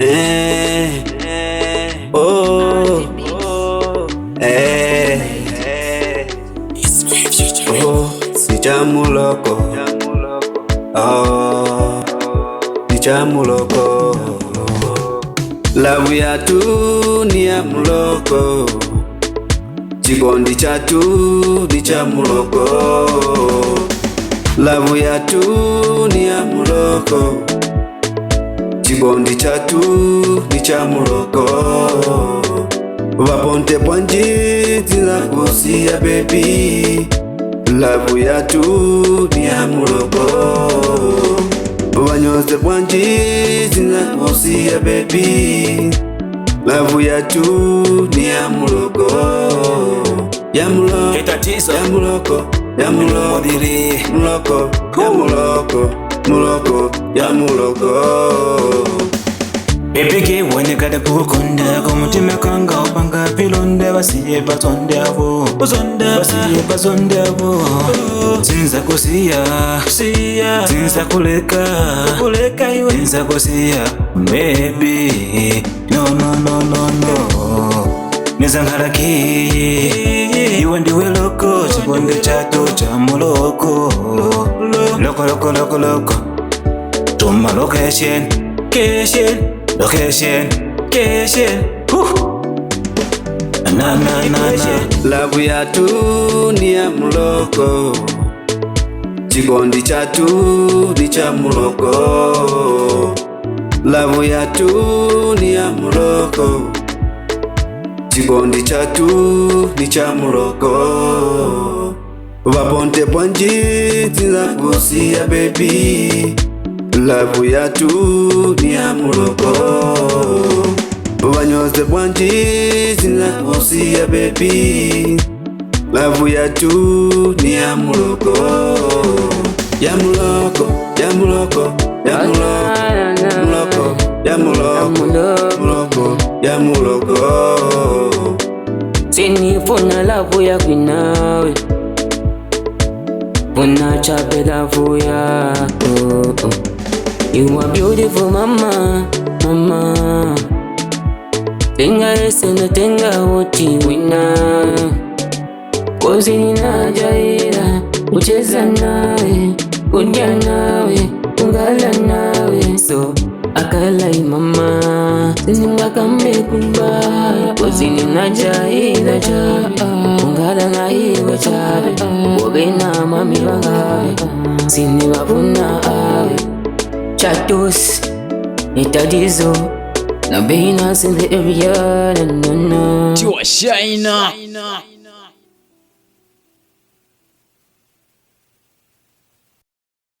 Eh. Oh. eh, eh, oh, eh, oh, ni ya muloko chikondi chatu ni cha muloko lavu yatu ni ya muloko Chigondi chatu ni cha muloko vaponte bwanji zilakusiya bebi lavu yatu ni ya muloko vanyoze bwanji zilakusiya bebi lavu yatu ni ya muloko ya muloko ya muloko ya muloko muloko ya muloko ya muloko bebeke kada kukukundeko mutima kanga upanga pilonde basiye bazondabo basiye bazondabo sinza kusiya sinza kuleka kuleka sinza kusiya maybe no no no no no nizanghalakiye iwe ndiwe loko chiponde chato cha muloko lokolokolokoloko tuma location location location na, na, na, na. Labu ya tu ni ya mloko, chikondi cha tu ni cha mloko. Labu ya tu ni ya mloko, chikondi cha tu ni cha mloko. Vaponte bwanji tinza kusia baby Lavu yatu ni ya muloko banyoze bwanji zinakusiya bebi Lavu yatu ni ya muloko ya muloko ya muloko ya muloko ya muloko ya muloko sinifuna lavu ya kwinawe Una chape oh, oh. You are beautiful, mama, mama. Tenga esa na tenga woti wina, kozi ninajaira kucheza nawe, kudya nawe, kungala nawe, so akalai mama kumba kozi ninajaira cha kungala naiwe cha wogena mami wanga sinibavuna ni nitadizo na bainas in the area, na na na. Tiwa Shaina.